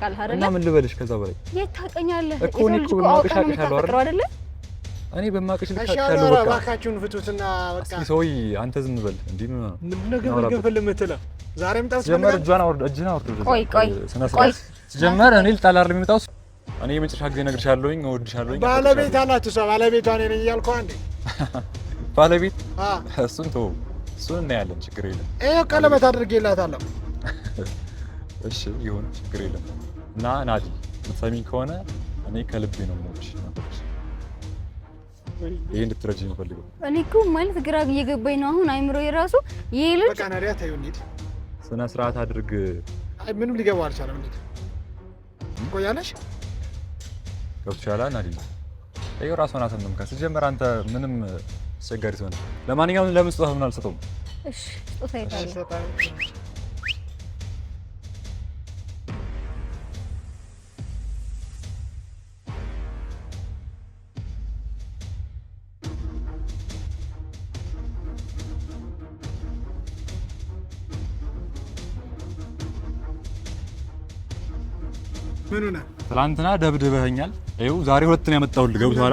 ታውቃለህ አይደለ? እና ምን ልበልሽ ከዛ በላይ የት ታውቀኛለህ እኮ እኮ እኔ በማቀሽ ልታውቃለህ። በቃ እባካችሁን ፍቱትና በቃ እስኪ ሰውዬ፣ አንተ ዝም በል እንዴ! ምን ነገር ገፈል የምትለው ዛሬም እጇን አውርድ፣ እጅን አውርድ። ቆይ ቆይ ቆይ፣ እኔ የሚመጣው እኔ የመጨረሻ ጊዜ ባለቤት እሷ፣ ባለቤቷ እኔ ነኝ አንዴ ባለቤት እሱን ተወው፣ እሱን እናያለን፣ ችግር የለም። ይኸው ቀለበት አድርጌላታለሁ። እሺ ይሁን፣ ችግር የለም። እና ናዲ ምትሰሚኝ ከሆነ እኔ ከልቤ ነው የምወድሽ። ይሄ እንድትረጂ ነው እኔ እኮ ማለት ግራ እየገባኝ ነው አሁን አይምሮ የራሱ ይሄ ልጅ በቃ ናዲያ ታዩ እንዴ ስነ ስርዓት አድርግ። አይ ምንም ሊገባው አልቻለም። እንዴ ቆያለሽ ገብቶሻል ናዲ? ይኸው ራሷን አሰምምከ ስጀምር አንተ ምንም አስቸጋሪ ሲሆን፣ ለማንኛውም ለምን ስጦታ ምን አልሰጠውም? እሺ ስጦታ ይታያል ትላንትና ደብድበኸኛል። ይኸው ዛሬ ሁለት ነው ያመጣሁልህ። ገብቶሃል?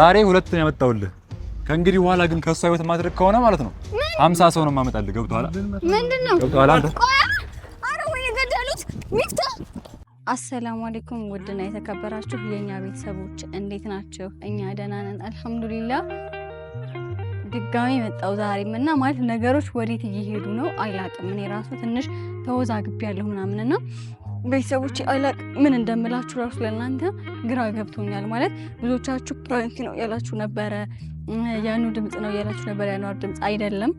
ዛሬ ሁለት ነው ያመጣሁልህ። ከእንግዲህ በኋላ ግን ከእሷ ህይወት ማድረግ ከሆነ ማለት ነው ሀምሳ ሰው ነው የማመጣልህ። ገብቶሃል? ምንድን ነው ሚፍታ አሰላሙ አለይኩም ውድና የተከበራችሁ የእኛ ቤተሰቦች እንዴት ናቸው? እኛ ደህና ነን አልሐምዱሊላህ። ድጋሚ መጣው ዛሬም እና ማለት ነገሮች ወዴት እየሄዱ ነው አይላቅም እኔ ራሱ ትንሽ ተወዛግቤ ያለው ምናምን ነው። ቤተሰቦች አይላቅ ምን እንደምላችሁ ራሱ ለእናንተ ግራ ገብቶኛል። ማለት ብዙዎቻችሁ ፕራንክ ነው እያላችሁ ነበረ፣ ያኑ ድምፅ ነው እያላችሁ ነበረ። ያኗር ድምፅ አይደለም።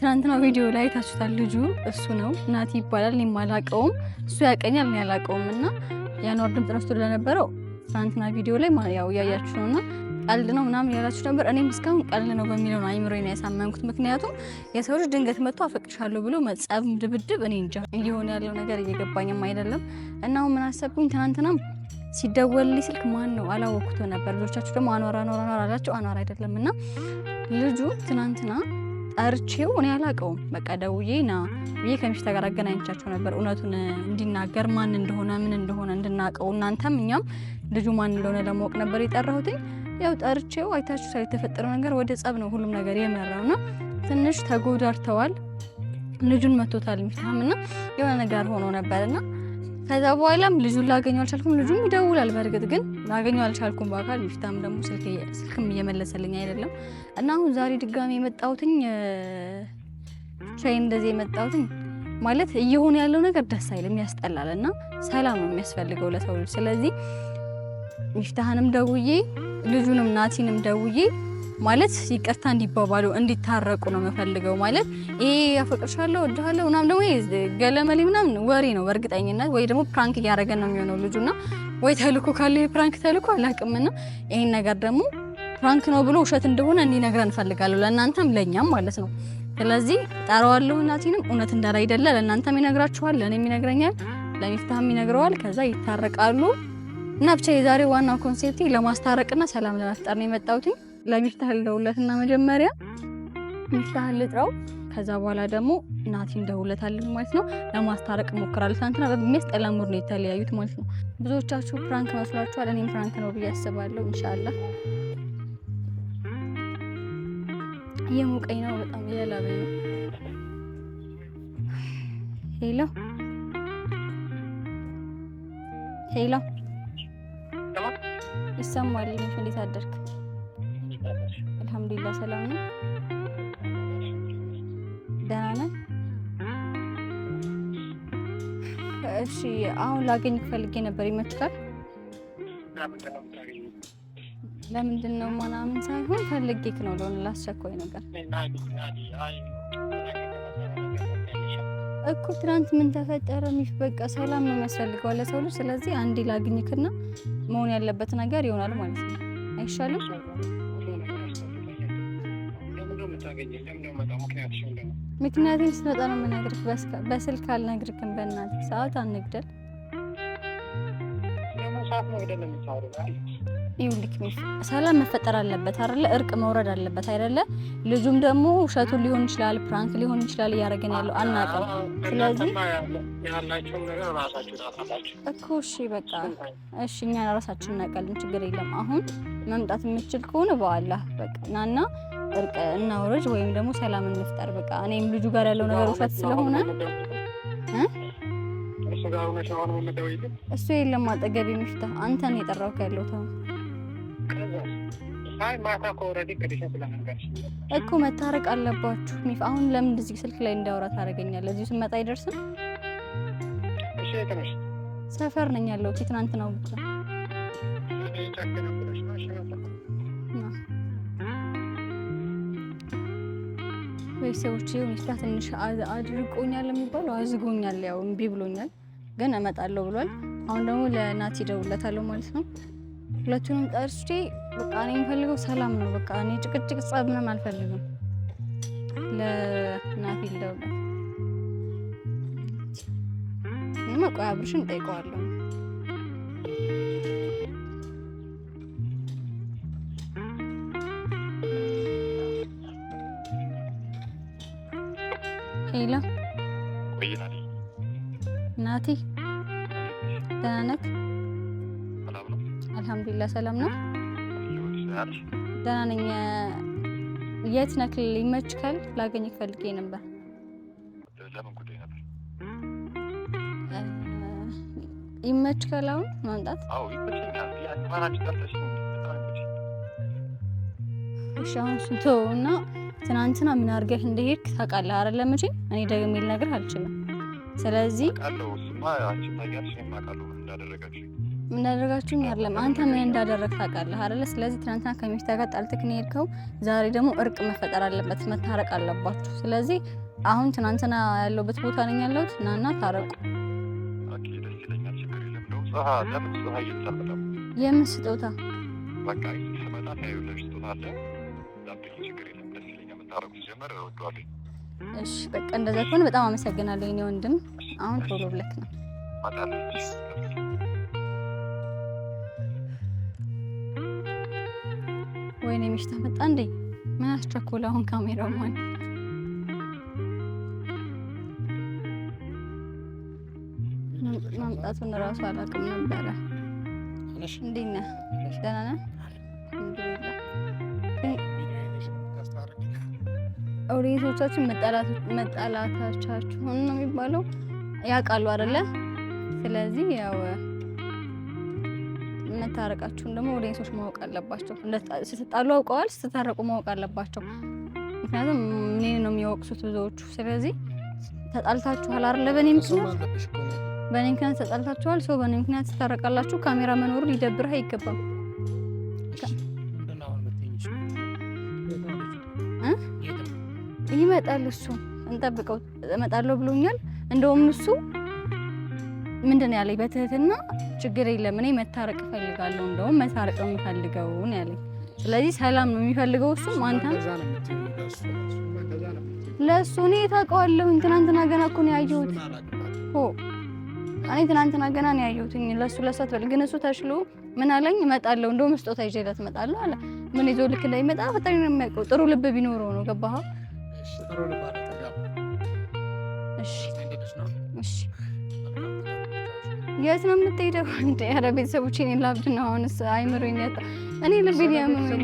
ትናንትና ቪዲዮ ላይ ታችሁታል። ልጁ እሱ ነው ናቲ ይባላል። እኔም አላቀውም፣ እሱ ያቀኛል፣ እኔ አላቀውም። እና ያኗር ድምፅ ነስቶ ለነበረው ትናንትና ቪዲዮ ላይ ያው እያያችሁ ነው ነውና ቀልድ ነው ምናምን ያላችሁ ነበር። እኔም እስካሁን ቀልድ ነው በሚለው ነው አይምሮ ያሳመንኩት። ምክንያቱም የሰው ልጅ ድንገት መጥቶ አፈቅሻለሁ ብሎ መጻብ ድብድብ፣ እኔ እንጃ እየሆነ ያለው ነገር እየገባኝም አይደለም። እና አሁን ምን አሰብኩኝ ትናንትናም ሲደወልልኝ ስልክ ማን ነው አላወቅኩት ነበር። ልጆቻችሁ ደግሞ አኗራ አኗራ አኗራ አላቸው። አኗራ አይደለም እና ልጁ ትናንትና ጠርቼው እኔ አላውቀውም በቃ ደውዬ ና ብዬ ከሚሽታ ጋር አገናኝቻቸው ነበር እውነቱን እንዲናገር ማን እንደሆነ ምን እንደሆነ እንድናውቀው እናንተም እኛም ልጁ ማን እንደሆነ ለማወቅ ነበር የጠራሁትኝ። ያው ጠርቼው አይታችሁ የተፈጠረው ነገር ወደ ጸብ ነው ሁሉም ነገር ነው። ትንሽ ተጎዳድተዋል። ልጁን መቶታል ሚፍታም እና የሆነ ነገር ሆኖ ነበርና ከዛ በኋላም ልጁን ላገኘው አልቻልኩም። ልጁም ይደውላል በእርግጥ ግን ላገኘው አልቻልኩም በአካል ሚፍታም ደግሞ ስልክም እየመለሰልኝ አይደለም እና አሁን ዛሬ ድጋሚ የመጣሁትኝ ቻይ እንደዚህ የመጣሁትኝ ማለት እየሆነ ያለው ነገር ደስ አይልም፣ ያስጠላል እና ሰላም ነው የሚያስፈልገው ለሰው ልጅ። ስለዚህ ሚፍታህንም ደውዬ ልጁንም ናቲንም ደውዬ ማለት ይቅርታ እንዲባባሉ እንዲታረቁ ነው የምፈልገው። ማለት ይሄ ያፈቅርሻለሁ ወድሃለሁ ምናምን ደግሞ ገለመሌ ምናምን ወሬ ነው በእርግጠኝነት ወይ ደግሞ ፕራንክ እያደረገ ነው የሚሆነው ልጁና ወይ ተልኮ ካለ ፕራንክ ተልኮ አላቅምና ይህን ነገር ደግሞ ፕራንክ ነው ብሎ ውሸት እንደሆነ እንዲነግረን እንፈልጋለሁ፣ ለእናንተም ለእኛም ማለት ነው። ስለዚህ ጠራዋለሁ እናቴንም እውነት እንዳላይደለ ለእናንተም ይነግራችኋል፣ ለእኔም ይነግረኛል፣ ለሚፍታህም ይነግረዋል። ከዛ ይታረቃሉ። እና ብቻ የዛሬ ዋና ኮንሴፕት ለማስታረቅና ሰላም ለመፍጠር ነው የመጣሁት። ለሚፍታህ እና መጀመሪያ ሚፍታህን ልጥረው፣ ከዛ በኋላ ደግሞ ናቲ እንደውለታለን ማለት ነው። ለማስታረቅ ሞክራል። ትናንትና በሚያስጠላ ሙድ ነው የተለያዩት ማለት ነው። ብዙዎቻችሁ ፕራንክ መስሏችኋል። እኔም ፕራንክ ነው ብዬ አስባለሁ። ኢንሻአላህ የሙቀኝ ነው በጣም እያላበኝ ነው። ሄሎ ሄሎ ይሰማል። እንዴት አደርክ? አልሐምዱሊላህ ሰላም ነው። ደህና ነህ? እሺ፣ አሁን ላገኝ ፈልጌ ነበር። ይመችካል? ለምንድን ነው ምናምን ሳይሆን ፈልጌክ ነው ለሆነ ላስቸኳይ ነገር እኮ ትናንት ምን ተፈጠረ ሚሽ፣ በቃ ሰላም ነው የሚያስፈልገው ለሰው ልጅ። ስለዚህ አንዴ ላግኝክና መሆን ያለበት ነገር ይሆናል ማለት ነው። አይሻልም? ምክንያቱም ስትመጣ ነው የምነግርህ። በስልክ አልነግርክም። በእናትህ ሰዓት አንግደል። ይውልክ ሰላም መፈጠር አለበት አይደለ? እርቅ መውረድ አለበት አይደለ? ልጁም ደግሞ ውሸቱን ሊሆን ይችላል፣ ፕራንክ ሊሆን ይችላል እያደረገን ያለው አናውቅም። ስለዚህ እኮ እሺ፣ በቃ እሺ፣ እኛ ራሳችን እናውቃለን፣ ችግር የለም። አሁን መምጣት የምችል ከሆነ በኋላ በቃ ናና እርቅ እናውረድ፣ ወይም ደግሞ ሰላም እንፍጠር። በቃ እኔም ልጁ ጋር ያለው ነገር ውሸት ስለሆነ እሱ የለም አጠገቤ። ምሽታ አንተን የጠራው ያለው ተው አይ ማታ ከወረዲ ቅድሽን ስለመንገርሽ እኮ መታረቅ አለባችሁ። ሚፍ አሁን ለምን እዚህ ስልክ ላይ እንዳወራ ታደርገኛለህ? እዚሁ ስመጣ አይደርስም። እሺ ተነሽ። ሰፈር ነኝ ያለው ትናንት ነው ብቻ ቤተሰቦች ሚፍታ ትንሽ አድርቆኛል የሚባለው አዝጎኛል፣ ያው እምቢ ብሎኛል፣ ግን እመጣለሁ ብሏል። አሁን ደግሞ ለናት ይደውለታለሁ ማለት ነው። ሁለቱንም ጠርቼ በቃ እኔ የምፈልገው ሰላም ነው። በቃ እኔ ጭቅጭቅ ጸብ ምንም አልፈልግም። ለናቴ ልደውልለት እኔማ ቆይ አብርሽን እጠይቀዋለሁ። ሄሎ ናቲ፣ ደህና ነህ? አልሐምዱሊላህ ሰላም ነው። ናችሁ? ደህና ነኝ። የት ነህ? ይመችካል? ላገኘህ ፈልጌ ነበር። ለምን ጉዳይ ነበር? ይመችካል አሁን ማምጣት? አዎ ይመችኛል። ያማራጭ ጠርተሽ እሺ። አሁን ስንቶ እና ትናንትና ምን አድርገህ እንደሄድክ ታውቃለህ አይደለ? መቼም እኔ ደግሜ ልነግርህ አልችልም። ስለዚህ ቃለው ስማ አንቺ ታውቂያለሽ፣ እኔም እንዳደረጋችሁ እንዳደረጋችሁኝ አይደለም። አንተ ምን እንዳደረግ ታውቃለህ አይደለ? ስለዚህ ትናንትና ከሚስት ጋር ጣልተህ ነው የሄድከው። ዛሬ ደግሞ እርቅ መፈጠር አለበት፣ መታረቅ አለባችሁ። ስለዚህ አሁን ትናንትና ያለሁበት ቦታ ነኝ ያለሁት። ናና ታረቁ። የምን ስጦታ? እሺ በቃ እንደዛ ከሆነ በጣም አመሰግናለሁ የኔ ወንድም። አሁን ቶሎ ብለክ ነው ወይኔ ሚሽታ መጣ እንዴ? ምን አስቸኮለ አሁን ካሜራማን? መምጣቱን እራሱ አላውቅም ነበረ። እንዴት ነህ? ደህና ነህ? ኦዲየንሶቻችን መጠላታቻችሁን ነው የሚባለው ያውቃሉ አይደለ? ስለዚህ ያው መታረቃችሁን ደግሞ ኦዲየንሶች ማወቅ አለባቸው። ስትጣሉ አውቀዋል፣ ስትታረቁ ማወቅ አለባቸው። ምክንያቱም እኔ ነው የሚወቅሱት ብዙዎቹ። ስለዚህ ተጣልታችኋል አይደለ? በእኔ ምክንያት በእኔ ምክንያት ተጣልታችኋል። ሰው በእኔ ምክንያት ትታረቃላችሁ። ካሜራ መኖሩ ሊደብርህ አይገባም። ይመጣል እሱ እንጠብቀው። እመጣለሁ ብሎኛል። እንደውም እሱ ምንድን ያለኝ በትህትና ችግር የለም እኔ መታረቅ እፈልጋለሁ፣ እንደውም መታረቅ ነው የምፈልገው ነው ያለኝ። ስለዚህ ሰላም ነው የሚፈልገው እሱም አንተም ለእሱ እኔ ታውቀዋለሁኝ። ትናንትና ገና እኮ ነው ያየሁት እኮ እኔ ትናንትና ገና ነው ያየሁትኝ። ለእሱ ለሰት አትበል ግን እሱ ተሽሎ ምን አለኝ እመጣለሁ፣ እንደውም ስጦታ ይዤላት እመጣለሁ አለ። ምን ይዞ ልክ እንዳይመጣ ፈጣሪ ነው የሚያውቀው። ጥሩ ልብ ቢኖረው ነው ገባህ? የት ነው የምትሄደው? እንደ ኧረ ቤተሰቦቼ እኔን ላብድ ነው። አሁንስ አይምሮኝ ያጣ እኔ ልቤ ቢያመኝ ነው።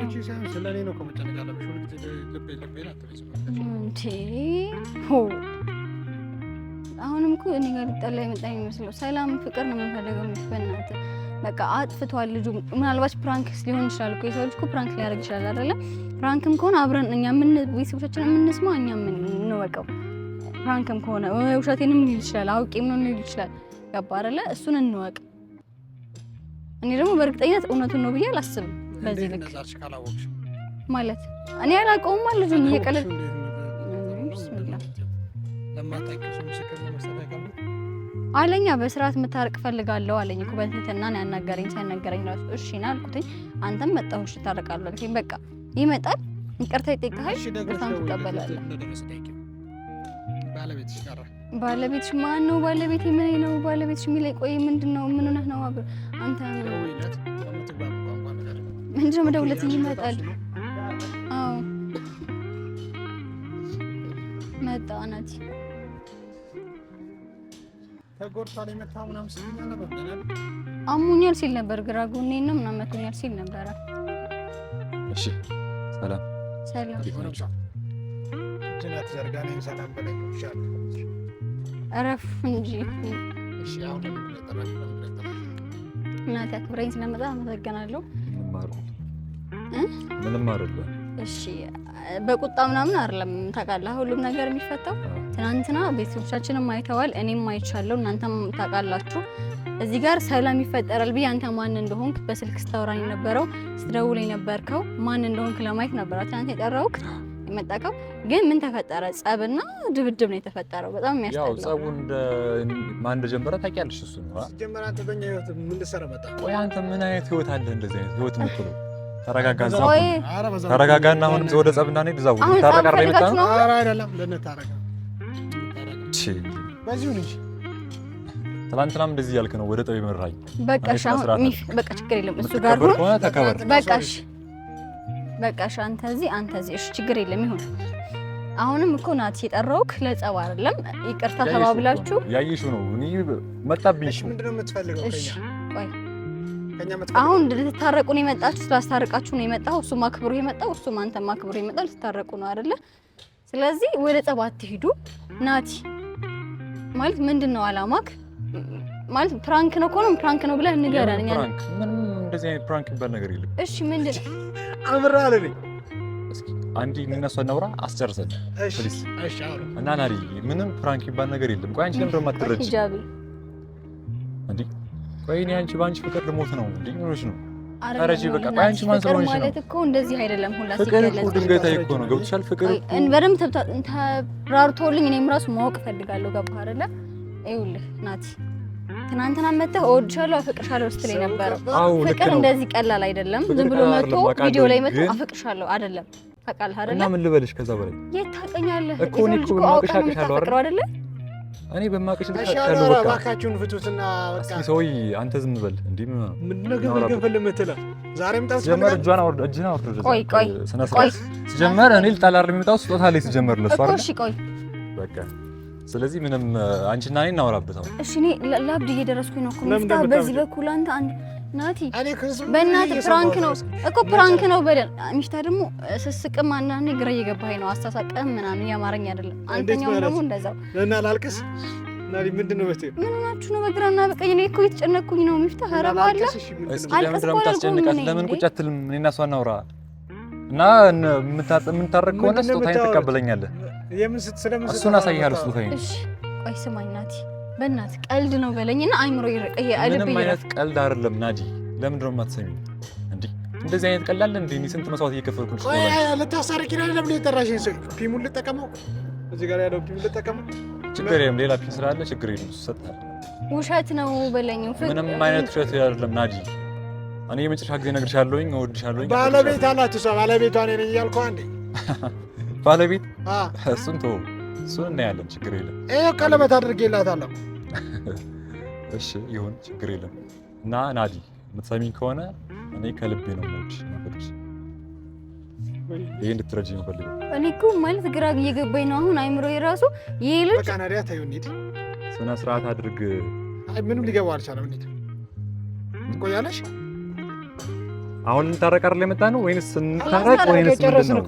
አሁንም እኮ እኔ ጋር ሊጣላ የመጣ የሚመስለው ሰላም ፍቅር ነው የምንፈልገው። ምትፈናት በቃ አጥፍቷል ልጁ። ምናልባት ፕራንክስ ሊሆን ይችላል እኮ የሰው ልጅ እኮ ፕራንክ ሊያደርግ ይችላል አይደለ? ፕራንክም ከሆነ አብረን እኛ ምን ቤተሰቦቻችን የምንስማው እኛ ምን ፕራንክም ከሆነ ውሸቴንም ሊል ይችላል አውቄም ነው ሊል ይችላል ገባ አይደለ? እሱን እንወቅ። እኔ ደግሞ በእርግጠኝነት እውነቱን ነው ብዬ አላስብም። በዚህ ልክ ማለት እኔ አላውቀውማ ልጁን እየቀለድ አለኛ በስርዓት የምታርቅ ፈልጋለሁ አለኝ እኮ በትህትና ነው ያናገረኝ። ሳይነገረኝ ራሱ እሺ ና አልኩትኝ። አንተም መጣሁ እሺ ታርቃለሁ አልከኝ። በቃ ይመጣል፣ ይቅርታ ይጠይቅሃል፣ ይቅርታም ትቀበላለህ። ባለቤትሽ ማን ነው? ባለቤት ምን ነው? ባለቤትሽ የሚለኝ ቆይ፣ ምንድን ነው? ምን ሆነህ ነው? አንተ ምንድን ነው መደውለት ይመጣል? አዎ መጣ። ናቲ አሞኛል ሲል ነበር፣ ግራ ጎኔ ነው ምናምን መቶኛል ሲል ነበረ። እሺ ሰላም ሰላም እረፍ እንጂ እናቴ አክብረኝ ስለመጣ አመሰግናለሁ። ምንም አይደለም። እሺ በቁጣ ምናምን አይደለም ታውቃለህ፣ ሁሉም ነገር የሚፈታው ትናንትና ቤተሰቦቻችንም አይተዋል፣ እኔም አይቻለሁ፣ እናንተም ታውቃላችሁ። እዚህ ጋር ሰላም ይፈጠራል ብዬ አንተ ማን እንደሆንክ በስልክ ስታወራኝ የነበረው ስትደውል የነበርከው ማን እንደሆንክ ለማየት ነበረ ትናንት የጠራሁት የመጣከው ግን ምን ተፈጠረ? ጸብና ድብድብ ነው የተፈጠረው። በጣም የሚያስጠላው ጸቡ ማን እንደጀመረ ታውቂያለሽ? እሱ ቆይ አንተ ምን አይነት ህይወት አለ? እንደዚህ አይነት ህይወት ምትሉ ተረጋጋና አሁንም ወደ ጸብ እንዳንሄድ እዛ ታረቃር ላይ መጣ ነው። ትላንትናም እንደዚህ ያልክ ነው ወደ ጠብ መራኝ። በቃ ችግር የለም እሱ ጋር ነው። በቃ እሺ በቃ እሺ፣ አንተ እዚህ አንተ እዚህ። እሺ፣ ችግር የለም ይሁን። አሁንም እኮ ናት የጠራውክ ለጸብ አይደለም፣ ይቅርታ ተባብላችሁ ያየሽው ነው። እኔ መጣብኝ። እሺ፣ ምንድን ነው የምትፈልገው? እሺ፣ ቆይ አሁን ልትታረቁ ነው የመጣችሁ? ስላስታርቃችሁ ነው የመጣው። እሱ ማክብሩ የመጣው እሱ አንተም ማክብሩ የመጣው ልትታረቁ ነው አይደለ? ስለዚህ ወደ ጸብ አትሂዱ። ናቲ ማለት ምንድን ነው አላማክ? ማለት ፕራንክ ነው ከሆነ ፕራንክ ነው ብለህ ንገረን። ፕራንክ ምንም እንደዚህ አይነት ፕራንክ የሚባል ነገር የለም። እሺ ምንድን ነው አምራ ለኔ አንድ የሚነሱ ነውራ አስጨርሰን ፕሊስ እና ናሪ ምንም ፍራንክ ይባል ነገር የለም። ቆይ አንቺ ለምን ማትረጂ እንዴ? ቆይ እኔ አንቺ በአንቺ ፍቅር ልሞት ነው እንዴ? ምንሽ ነው? አረጂ በቃ ቆይ አንቺ ማን ስለሆነሽ ነው? ማለት እኮ እንደዚህ አይደለም። ሁላ ፍቅር እኮ ድንገታዊ እኮ ነው። ገብቶሻል? ፍቅር በደምብ ተብራርቶልኝ እኔም ራሱ ማወቅ እፈልጋለሁ። ገባህ አይደለ? ይኸውልህ ናቲ ትናንትና መጥተህ እወድሻለሁ አፈቅርሻለሁ ስትለኝ ነበረ። ፍቅር እንደዚህ ቀላል አይደለም። ዝም ብሎ መጥቶ ቪዲዮ ላይ መጥቶ አፈቅርሻለሁ አይደለም። ታውቃለህ አይደለም? እና ምን ልበልሽ ከዛ በላይ የት ታውቀኛለህ እኮ እኔ እኮ አውቀሻለሁ አይደለ? እኔ በማቀሽ ልታሻለሁ። በቃ እባካችሁን ፍቱትና በቃ ሰውዬ፣ አንተ ዝም በል እንዴ! ምን ነገር ገፈል ምትላ ዛሬም ታስ ጀመር። እጇን አውርድ፣ እጅን አውርድ። ቆይ ቆይ ቆይ፣ ሲጀመር እኔ ልጣላ አይደል የሚመጣው ስጦታ ላይ ሲጀመር ለሷ አይደል? እሺ ቆይ በቃ ስለዚህ ምንም አንቺና እኔ እናወራበታው። እሺ እኔ ለአብድ እየደረስኩኝ ነው እኮ ሚፍታ። በዚህ በኩል አንተ አንድ ናቲ፣ በእናትህ ፕራንክ ነው እኮ ፕራንክ ነው በደል። ሚፍታ ደግሞ ስስቅም አንዳንዴ ግራ እየገባኸኝ ነው። አስተሳቀም ምናምን ያማረኝ አይደለም። አንተኛውም ደግሞ እንደዛው ለና ላልቅስ ናሪ ምንድን ነው በስቴ ምን ሆናችሁ ነው? በግራና በቀኝ ነው እኮ እየተጨነኩኝ ነው። ሚፍታህ ኧረ በኋላ አልቀስቆልቁኝ ለምን ቁጭ አትልም? እኔና እሷ እናውራ እና የምታረቅ ከሆነ ስጦታዬን ትቀበለኛለህ እሱን አሳይሃለሁ። እሱ ቆይ ስማኝ ናቲ፣ በእናትህ ቀልድ ነው በለኝና አይምሮ ይርቅ። ይሄ ምንም አይነት ቀልድ አይደለም ናዲ። ለምንድን ነው የማትሰሚው? እንደ እንደዚህ አይነት ቀልድ አለ እንዴ? እኔ ስንት መስዋዕት እየከፈልኩልሽ ችግር የለም ሌላ ፒም ስላለ ችግር የለም። ሰጥሃል። ውሸት ነው በለኝ። ምንም አይነት ውሸት አይደለም ናዲ። እኔ የመጨረሻ ጊዜ እነግርሻለሁኝ፣ እወድሻለሁኝ። ባለቤት አላት እሷ፣ ባለቤቷ እኔ ነኝ እያልኩህ አንዴ ባለቤት እሱን ተወው፣ እሱን እናያለን። ችግር የለም። ቀለበት አድርጌላታለሁ። እሺ ይሁን፣ ችግር የለም። እና ናዲ የምትሰሚኝ ከሆነ እኔ ከልቤ ነው ሞች ነበች ይህ እንድትረጅ ፈልገው። እኔ እኮ ማለት ግራ እየገባኝ ነው አሁን አይምሮ የራሱ ይሄ ልጅ በቃ ናዲያ ታዩን እንዴ፣ ስነ ስርዓት አድርግ። ምንም ሊገባ አልቻለም። እንዴ ትቆያለሽ አሁን ልንታረቅ አይደል የመጣ ነው ወይንስ እንታረቅ ወይንስ ምንድን ነው?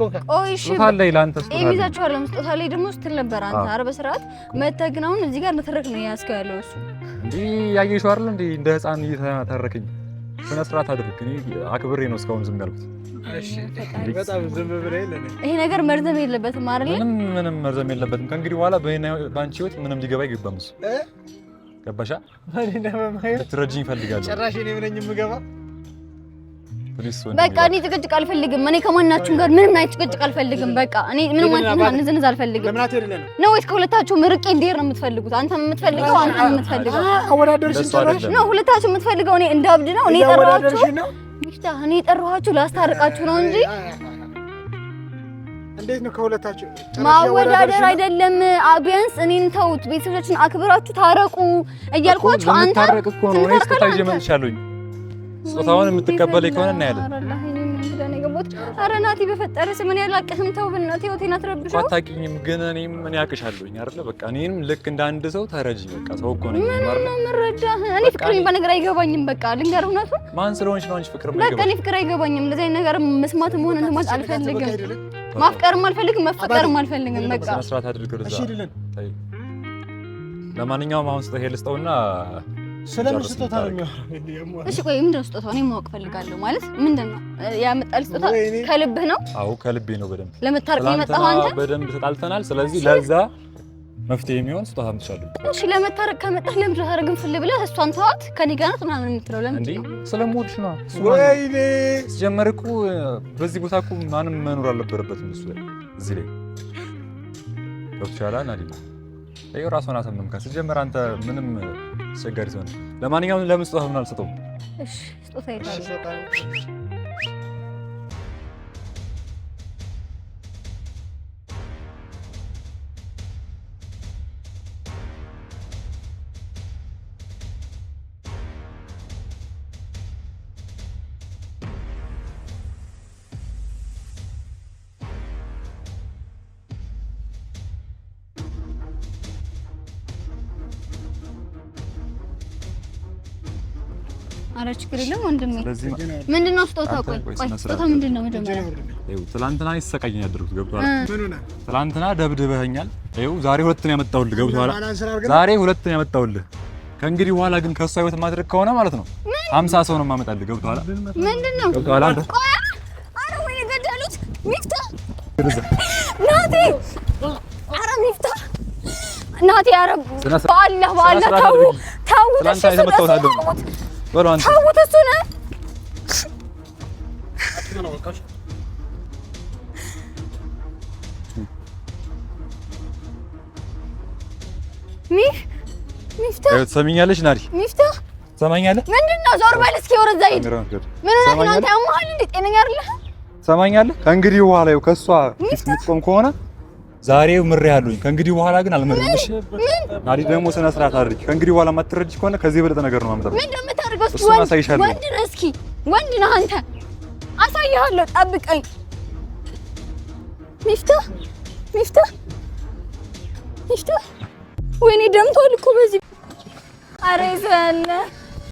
ስጦታ ላይ ለአንተ ስጦታ ላይ ይዛችኋለሁ። ስጦታ ላይ ደግሞ ስትል ነበር አንተ። አረ በስርዓት መተህ ግን አሁን እዚህ ጋር ልትረክ ነው ያስከው ያለው እሱ። እንደ ያየሽው አይደል እንዴ እንደ ህፃን እየተታረከኝ ስነ ስርዓት አድርግ። እኔ አክብሬ ነው እስካሁን ዝም ያልኩት። ይሄ ነገር መርዘም የለበትም አይደል? ምንም ምንም መርዘም የለበትም። ከእንግዲህ በኋላ ባንቺ ሕይወት ምንም ሊገባ አይገባም እሱ። ገባሻ? ልትረጅኝ ይፈልጋለሁ። ጭራሽ እኔ ምነኝ የምገባ በቃ እኔ ጭቅጭቅ አልፈልግም። እኔ ከማናችሁም ጋር ምንም አይነት ጭቅጭቅ አልፈልግም። በቃ እኔ ምንም አይነት ንዝንዝ አልፈልግም። ነው ወይስ ርቄ እንድሄድ ነው የምትፈልጉት? አንተ የምትፈልገው አንተ የምትፈልገው ነው ሁለታችሁ የምትፈልገው። እኔ እንዳብድ ነው እኔ የጠራኋችሁ ሚፍታህ፣ እኔ የጠራኋችሁ ላስታርቃችሁ ነው እንጂ እንዴት ነው ከሁለታችሁ ማወዳደር አይደለም። ቢያንስ እኔን ተውት፣ ቤተሰቦቻችን አክብራችሁ ታረቁ እያልኳችሁ አንተ ስጦታውን የምትቀበል ከሆነ እናያለን። ኧረ ናቲ በፈጠረ ስምን ያላቅህም ተው፣ በእናትህ ህይወቴን አትረብሽው። አታውቂኝም ግን እኔም እኔ አቅሻለሁኝ አይደለ? በቃ እኔም ልክ እንደ አንድ ሰው ተረጅኝ። በቃ ሰው እኮ ነኝ። ነው ምረዳህ እኔ ፍቅር በነገር አይገባኝም። በቃ ልንገርህ እውነቱን ማን ስለሆንሽ ነው አንቺ ፍቅር በቃ እኔ ፍቅር አይገባኝም። እንደዚህ ነገር መስማትም ሆነ እንትማት አልፈልግም። ማፍቀርም አልፈልግም፣ መፈቀርም አልፈልግም። በቃ ስነ ስርዓት አድርገው። ለማንኛውም አሁን ስጠሄ ልስጠውና ስለምን ስጦታ ነው የሚያወራው? እሺ ቆይ ምንድን ነው ስጦታው? እኔ ማወቅ ፈልጋለሁ። ማለት ምንድን ነው ያመጣልህ ስጦታ? ከልብህ ነው? አዎ ከልቤ ነው። በደንብ ለመታረቅ ነው አንተ? በደንብ ተጣልተናል። ስለዚህ ለዛ መፍትሄ የሚሆን ስጦታ አምጥቻለሁ። እሺ ለመታረቅ ከመጣህ ለምንድን ነው ፍል ብለህ እሷን ተዋት ከኔ ጋር ምናምን የምትለው ለምንድን ስለምወድሽ ነው። ወይኔ ስጀመር እኮ በዚህ ቦታ እኮ ማንም መኖር አልነበረበትም። እሱ ላይ እዚህ ላይ ዶክተር አላና ይኸው ራሷን አሰመምካት። ሲጀመር አንተ ምንም አስቸጋሪ ሲሆን ለማንኛውም ለምን ስጦታ ምን አልሰጠውም? እሺ ስጦታ አረ ችግር የለም ወንድሜ። ምንድን ነው ስጦታው? ቆይ ቆይ ስጦታው ምንድን ነው? መጀመሪያ ይኸው ትናንትና ይሰቃየኝ ያደረኩት ገብቶሃል። ትናንትና ደብድበኸኛል። ይኸው ዛሬ ሁለት ነው ያመጣሁልህ። ገብቶሃል። ዛሬ ሁለት ነው ያመጣሁልህ። ከእንግዲህ በኋላ ግን ከእሷ ህይወት ማድረግ ከሆነ ማለት ነው ሀምሳ ሰው ነው የማመጣልህ። ገብቶሃል። ምንድን ነው ገብቶሃል? አንተ አረ ወይ የገደሉት ሚፍታ ናቲ፣ አረ ሚፍታ ናቲ፣ አረ በአላህ በአላህ ተው ተው፣ በለው አንተ ታውት እሱ ነህ። ትሰሚኛለሽ? ናዲ ትሰማኛለህ? ምንድን ነው? ዞር በል እስኪ ወረዛ ሂድ። ምን ሆነህ ነው አንተ? ያመሃል እንዴ? ጤነኛ አይደለህ? ትሰማኛለህ? ከእንግዲህ በኋላ ከእሷ የምትቆም ከሆነ ዛሬው ምሬ ያሉኝ ከእንግዲህ በኋላ ግን አልመረምሽ። ናዲ ደግሞ ስነ ስርዓት አድርጊ። ከእንግዲህ በኋላ ማትረጅ ከሆነ ከዚህ የበለጠ ነገር ነው ማምጣት። ምን ነው የምታደርገው? እስኪ ወንድ ነህ፣ እስኪ ወንድ ነህ አንተ። አሳይሃለሁ፣ ጠብቀኝ። ሚፍታህ ሚፍታህ ሚፍታህ፣ ወይኔ ደምቷል እኮ በዚህ። ኧረ ዘነ